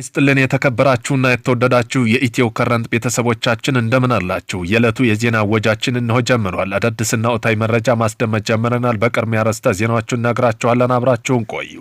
ይስጥልን የተከበራችሁና የተወደዳችሁ የኢትዮ ከረንት ቤተሰቦቻችን እንደምን አላችሁ? የዕለቱ የዜና ወጃችን እንሆ ጀምሯል። አዳዲስና ወቅታዊ መረጃ ማስደመጥ ጀምረናል። በቅድሚያ ርዕሰ ዜናዎቹን እነግራችኋለን። አብራችሁን ቆዩ።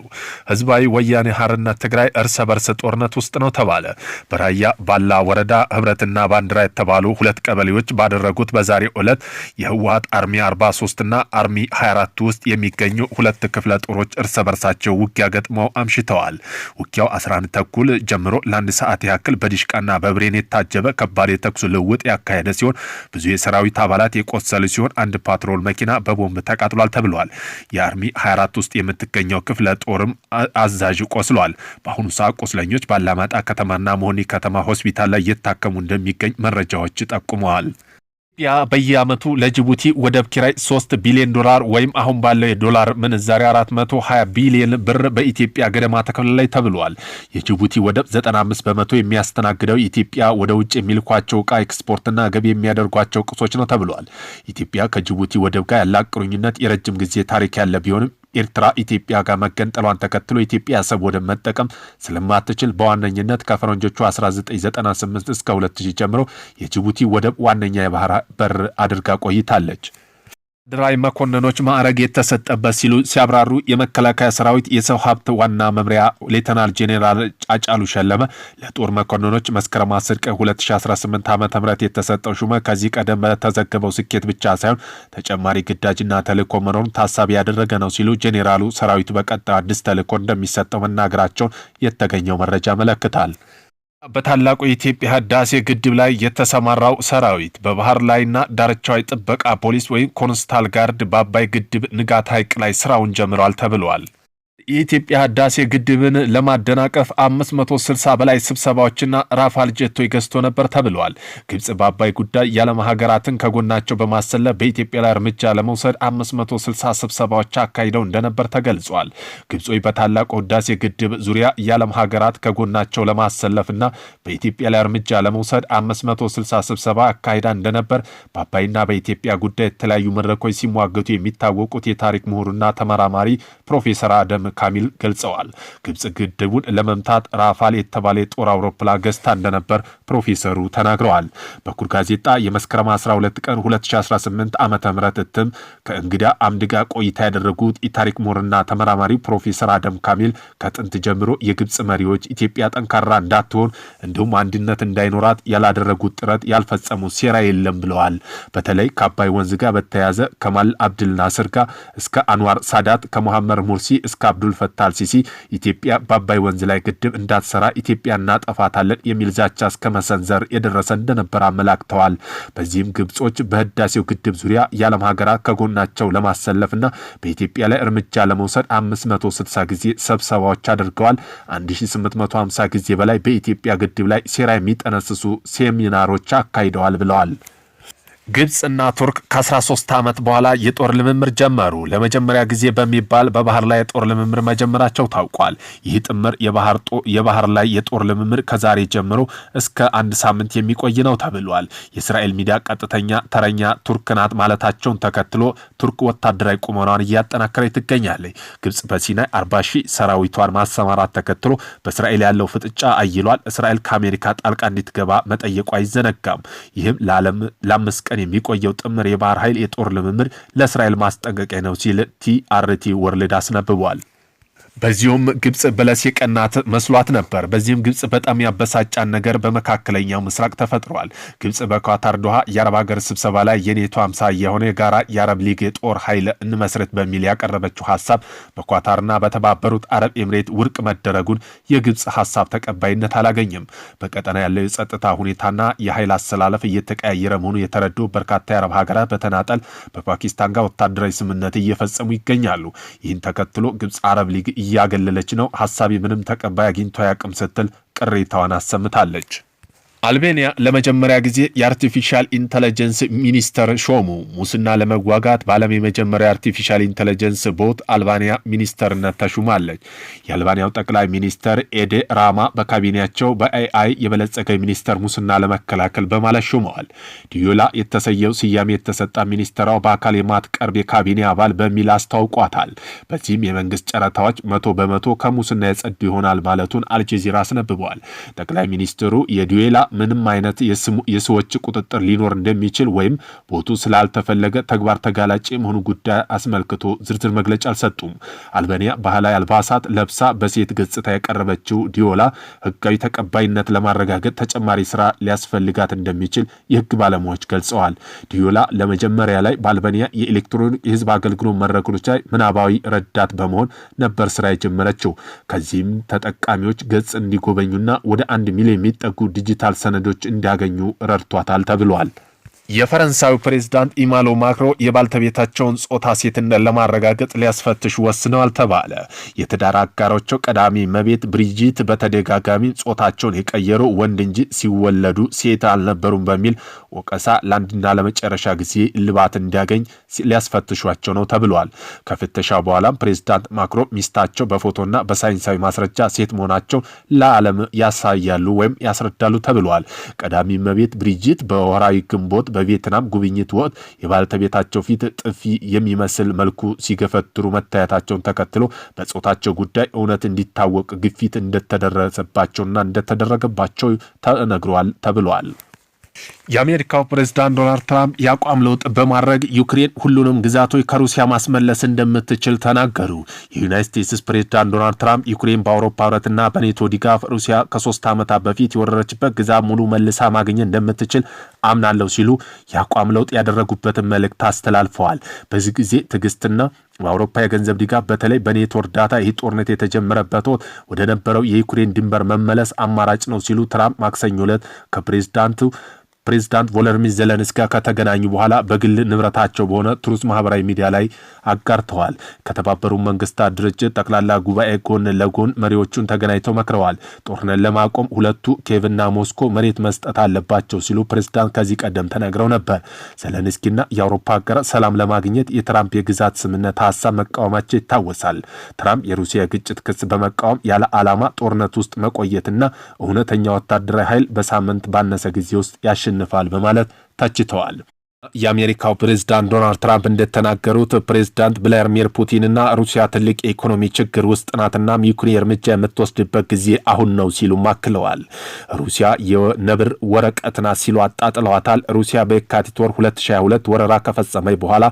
ህዝባዊ ወያኔ ሓርነት ትግራይ እርስ በርስ ጦርነት ውስጥ ነው ተባለ። በራያ ባላ ወረዳ ህብረትና ባንዲራ የተባሉ ሁለት ቀበሌዎች ባደረጉት በዛሬ ዕለት የህወሀት አርሚ 43ና አርሚ 24 ውስጥ የሚገኙ ሁለት ክፍለ ጦሮች እርስ በርሳቸው ውጊያ ገጥመው አምሽተዋል። ውጊያው 11 ተኩል ጀምሮ ለአንድ ሰዓት ያክል በዲሽቃና በብሬን የታጀበ ከባድ የተኩስ ልውውጥ ያካሄደ ሲሆን ብዙ የሰራዊት አባላት የቆሰሉ ሲሆን አንድ ፓትሮል መኪና በቦምብ ተቃጥሏል ተብሏል። የአርሚ 24 ውስጥ የምትገኘው ክፍለ ጦርም አዛዥ ቆስሏል። በአሁኑ ሰዓት ቁስለኞች ባላማጣ ከተማና መሆኒ ከተማ ሆስፒታል ላይ እየታከሙ እንደሚገኝ መረጃዎች ጠቁመዋል። ኢትዮጵያ በየዓመቱ ለጅቡቲ ወደብ ኪራይ 3 ቢሊዮን ዶላር ወይም አሁን ባለው የዶላር ምንዛሬ 420 ቢሊዮን ብር በኢትዮጵያ ገደማ ተከፍላለች ተብሏል። የጅቡቲ ወደብ 95 በመቶ የሚያስተናግደው ኢትዮጵያ ወደ ውጭ የሚልኳቸው ዕቃ ኤክስፖርትና ገቢ የሚያደርጓቸው ቅሶች ነው ተብሏል። ኢትዮጵያ ከጅቡቲ ወደብ ጋር ያላት ቁርኝነት የረጅም ጊዜ ታሪክ ያለ ቢሆንም ኤርትራ ኢትዮጵያ ጋር መገንጠሏን ተከትሎ ኢትዮጵያ አሰብ ወደብ መጠቀም ስለማትችል በዋነኝነት ከፈረንጆቹ 1998 እስከ 2000 ጀምሮ የጅቡቲ ወደብ ዋነኛ የባህር በር አድርጋ ቆይታለች። ድራይ መኮንኖች ማዕረግ የተሰጠበት ሲሉ ሲያብራሩ የመከላከያ ሰራዊት የሰው ሀብት ዋና መምሪያ ሌተናል ጄኔራል ጫጫሉ ሸለመ ለጦር መኮንኖች መስከረም 10 ቀን 2018 ዓ ም የተሰጠው ሹመ ከዚህ ቀደም በተዘገበው ስኬት ብቻ ሳይሆን ተጨማሪ ግዳጅና ተልእኮ መኖሩን ታሳቢ ያደረገ ነው ሲሉ ጄኔራሉ ሰራዊቱ በቀጣዩ አዲስ ተልእኮ እንደሚሰጠው መናገራቸውን የተገኘው መረጃ መለክታል በታላቁ የኢትዮጵያ ህዳሴ ግድብ ላይ የተሰማራው ሰራዊት በባህር ላይና ዳርቻዊ ጥበቃ ፖሊስ ወይም ኮንስታል ጋርድ በአባይ ግድብ ንጋት ሐይቅ ላይ ስራውን ጀምረዋል ተብለዋል። የኢትዮጵያ ህዳሴ ግድብን ለማደናቀፍ 560 በላይ ስብሰባዎችና ራፋል ጀቶች ገዝቶ ነበር ተብለዋል። ግብፅ በአባይ ጉዳይ የዓለም ሀገራትን ከጎናቸው በማሰለፍ በኢትዮጵያ ላይ እርምጃ ለመውሰድ 560 ስብሰባዎች አካሂደው እንደነበር ተገልጿል። ግብጾች በታላቁ ህዳሴ ግድብ ዙሪያ የዓለም ሀገራት ከጎናቸው ለማሰለፍና በኢትዮጵያ ላይ እርምጃ ለመውሰድ 560 ስብሰባ አካሂዳ እንደነበር በአባይና በኢትዮጵያ ጉዳይ የተለያዩ መድረኮች ሲሟገቱ የሚታወቁት የታሪክ ምሁሩና ተመራማሪ ፕሮፌሰር አደም ካሚል ገልጸዋል። ግብጽ ግድቡን ለመምታት ራፋል የተባለ የጦር አውሮፕላን ገዝታ እንደነበር ፕሮፌሰሩ ተናግረዋል። በኩር ጋዜጣ የመስከረም 12 ቀን 2018 ዓ ም እትም ከእንግዳ አምድ ጋር ቆይታ ያደረጉት የታሪክ ሞርና ተመራማሪው ፕሮፌሰር አደም ካሚል ከጥንት ጀምሮ የግብፅ መሪዎች ኢትዮጵያ ጠንካራ እንዳትሆን እንዲሁም አንድነት እንዳይኖራት ያላደረጉት ጥረት ያልፈጸሙት ሴራ የለም ብለዋል። በተለይ ከአባይ ወንዝ ጋር በተያያዘ ከማል አብድል ናስር ጋር እስከ አንዋር ሳዳት ከመሐመድ ሙርሲ እስከ አብዱ አብዱል አልሲሲ ኢትዮጵያ በአባይ ወንዝ ላይ ግድብ እንዳትሰራ ኢትዮጵያ እናጠፋታለን የሚል ዛቻ እስከ መሰንዘር የደረሰ እንደነበር አመላክተዋል። በዚህም ግብጾች በህዳሴው ግድብ ዙሪያ የዓለም ሀገራት ከጎናቸው ለማሰለፍና በኢትዮጵያ ላይ እርምጃ ለመውሰድ 560 ጊዜ ስብሰባዎች አድርገዋል። 1850 ጊዜ በላይ በኢትዮጵያ ግድብ ላይ ሴራ የሚጠነስሱ ሴሚናሮች አካሂደዋል ብለዋል። ግብፅና ቱርክ ከ13 ዓመት በኋላ የጦር ልምምር ጀመሩ። ለመጀመሪያ ጊዜ በሚባል በባህር ላይ የጦር ልምምር መጀመራቸው ታውቋል። ይህ ጥምር የባህር ላይ የጦር ልምምር ከዛሬ ጀምሮ እስከ አንድ ሳምንት የሚቆይ ነው ተብሏል። የእስራኤል ሚዲያ ቀጥተኛ ተረኛ ቱርክ ናት ማለታቸውን ተከትሎ ቱርክ ወታደራዊ ቁመናዋን እያጠናከረች ትገኛለች። ግብፅ በሲናይ 40 ሺህ ሰራዊቷን ማሰማራት ተከትሎ በእስራኤል ያለው ፍጥጫ አይሏል። እስራኤል ከአሜሪካ ጣልቃ እንድትገባ መጠየቁ አይዘነጋም። ይህም ለአምስት ቀን ቀን የሚቆየው ጥምር የባህር ኃይል የጦር ልምምድ ለእስራኤል ማስጠንቀቂያ ነው ሲል ቲአርቲ ወርልድ አስነብቧል። በዚሁም ግብፅ በለስ የቀናት መስሏት ነበር። በዚህም ግብፅ በጣም ያበሳጫን ነገር በመካከለኛው ምስራቅ ተፈጥሯል። ግብፅ በኳታር ዶሃ የአረብ ሀገር ስብሰባ ላይ የኔቶ አምሳ የሆነ የጋራ የአረብ ሊግ የጦር ኃይል እንመስረት በሚል ያቀረበችው ሀሳብ በኳታርና በተባበሩት አረብ ኤምሬት ውድቅ መደረጉን የግብፅ ሀሳብ ተቀባይነት አላገኘም። በቀጠና ያለው የጸጥታ ሁኔታና የኃይል አሰላለፍ እየተቀያየረ መሆኑ የተረዱ በርካታ የአረብ ሀገራት በተናጠል በፓኪስታን ጋር ወታደራዊ ስምምነት እየፈጸሙ ይገኛሉ። ይህን ተከትሎ ግብፅ አረብ ሊግ እያገለለች ነው፣ ሀሳቢ ምንም ተቀባይ አግኝቶ አያውቅም ስትል ቅሬታዋን አሰምታለች። አልቤኒያ ለመጀመሪያ ጊዜ የአርቲፊሻል ኢንተለጀንስ ሚኒስተር ሾሙ። ሙስና ለመዋጋት በዓለም የመጀመሪያ አርቲፊሻል ኢንተለጀንስ ቦት አልባኒያ ሚኒስተርነት ተሹማለች። የአልባኒያው ጠቅላይ ሚኒስተር ኤዴ ራማ በካቢኔያቸው በኤአይ የበለጸገ ሚኒስተር ሙስና ለመከላከል በማለት ሹመዋል። ዲዮላ የተሰየው ስያሜ የተሰጣ ሚኒስተራው በአካል የማትቀርብ የካቢኔ አባል በሚል አስታውቋታል። በዚህም የመንግስት ጨረታዎች መቶ በመቶ ከሙስና የጸዱ ይሆናል ማለቱን አልጀዚራ አስነብበዋል። ጠቅላይ ሚኒስትሩ የዲዮላ ምንም አይነት የሰዎች ቁጥጥር ሊኖር እንደሚችል ወይም ቦቱ ስላልተፈለገ ተግባር ተጋላጭ የመሆኑ ጉዳይ አስመልክቶ ዝርዝር መግለጫ አልሰጡም። አልበኒያ ባህላዊ አልባሳት ለብሳ በሴት ገጽታ ያቀረበችው ዲዮላ ህጋዊ ተቀባይነት ለማረጋገጥ ተጨማሪ ስራ ሊያስፈልጋት እንደሚችል የህግ ባለሙያዎች ገልጸዋል። ዲዮላ ለመጀመሪያ ላይ በአልበኒያ የኤሌክትሮኒክ የህዝብ አገልግሎት መድረኮች ላይ ምናባዊ ረዳት በመሆን ነበር ስራ የጀመረችው። ከዚህም ተጠቃሚዎች ገጽ እንዲጎበኙና ወደ አንድ ሚሊዮን የሚጠጉ ዲጂታል ሰነዶች እንዲያገኙ ረድቷታል ተብሏል። የፈረንሳዩ ፕሬዝዳንት ኢማኖ ማክሮ የባልተቤታቸውን ጾታ ሴትነት ለማረጋገጥ ሊያስፈትሽ ወስነዋል ተባለ። የትዳር አጋሮቸው ቀዳሚ መቤት ብሪጂት በተደጋጋሚ ጾታቸውን የቀየሩ ወንድ እንጂ ሲወለዱ ሴት አልነበሩም በሚል ወቀሳ ለአንድና ለመጨረሻ ጊዜ እልባት እንዲያገኝ ሊያስፈትሿቸው ነው ተብሏል። ከፍተሻ በኋላም ፕሬዝዳንት ማክሮ ሚስታቸው በፎቶና በሳይንሳዊ ማስረጃ ሴት መሆናቸውን ለዓለም ያሳያሉ ወይም ያስረዳሉ ተብሏል። ቀዳሚ መቤት ብሪጂት በወራዊ ግንቦት በቪየትናም ጉብኝት ወቅት የባለቤታቸው ፊት ጥፊ የሚመስል መልኩ ሲገፈትሩ መታየታቸውን ተከትሎ በጾታቸው ጉዳይ እውነት እንዲታወቅ ግፊት እንደተደረሰባቸውና እንደተደረገባቸው ተነግሯል ተብለዋል። የአሜሪካው ፕሬዝዳንት ዶናልድ ትራምፕ የአቋም ለውጥ በማድረግ ዩክሬን ሁሉንም ግዛቶች ከሩሲያ ማስመለስ እንደምትችል ተናገሩ። የዩናይት ስቴትስ ፕሬዝዳንት ዶናልድ ትራምፕ ዩክሬን በአውሮፓ ህብረትና በኔቶ ድጋፍ ሩሲያ ከሶስት ዓመታት በፊት የወረረችበት ግዛት ሙሉ መልሳ ማግኘት እንደምትችል አምናለሁ ሲሉ የአቋም ለውጥ ያደረጉበትን መልእክት አስተላልፈዋል። በዚህ ጊዜ ትዕግስትና በአውሮፓ የገንዘብ ድጋፍ በተለይ በኔቶ እርዳታ ይህ ጦርነት የተጀመረበት ወቅት ወደ ነበረው የዩክሬን ድንበር መመለስ አማራጭ ነው ሲሉ ትራምፕ ማክሰኞ ዕለት ከፕሬዝዳንቱ ፕሬዚዳንት ቮለርሚን ዘለንስኪ ከተገናኙ በኋላ በግል ንብረታቸው በሆነ ትሩዝ ማህበራዊ ሚዲያ ላይ አጋርተዋል። ከተባበሩ መንግስታት ድርጅት ጠቅላላ ጉባኤ ጎን ለጎን መሪዎቹን ተገናኝተው መክረዋል። ጦርነት ለማቆም ሁለቱ ኬቭና ሞስኮ መሬት መስጠት አለባቸው ሲሉ ፕሬዚዳንት ከዚህ ቀደም ተናግረው ነበር። ዜለንስኪና የአውሮፓ ሀገራት ሰላም ለማግኘት የትራምፕ የግዛት ስምነት ሀሳብ መቃወማቸው ይታወሳል። ትራምፕ የሩሲያ የግጭት ክስ በመቃወም ያለ ዓላማ ጦርነት ውስጥ መቆየትና እውነተኛ ወታደራዊ ኃይል በሳምንት ባነሰ ጊዜ ውስጥ ያሸንፋል ያሸንፋል በማለት ተችተዋል። የአሜሪካው ፕሬዝዳንት ዶናልድ ትራምፕ እንደተናገሩት ፕሬዝዳንት ቭላዲሚር ፑቲንና ሩሲያ ትልቅ የኢኮኖሚ ችግር ውስጥ ናትና ዩክሬን እርምጃ የምትወስድበት ጊዜ አሁን ነው ሲሉም አክለዋል። ሩሲያ የነብር ወረቀት ናት ሲሉ አጣጥለዋታል። ሩሲያ በየካቲት ወር 2022 ወረራ ከፈጸመች በኋላ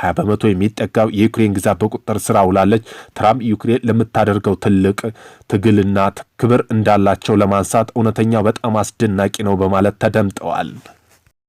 20 በመቶ የሚጠጋው የዩክሬን ግዛት በቁጥጥር ስር አውላለች። ትራምፕ ዩክሬን ለምታደርገው ትልቅ ትግልና ክብር እንዳላቸው ለማንሳት እውነተኛው በጣም አስደናቂ ነው በማለት ተደምጠዋል።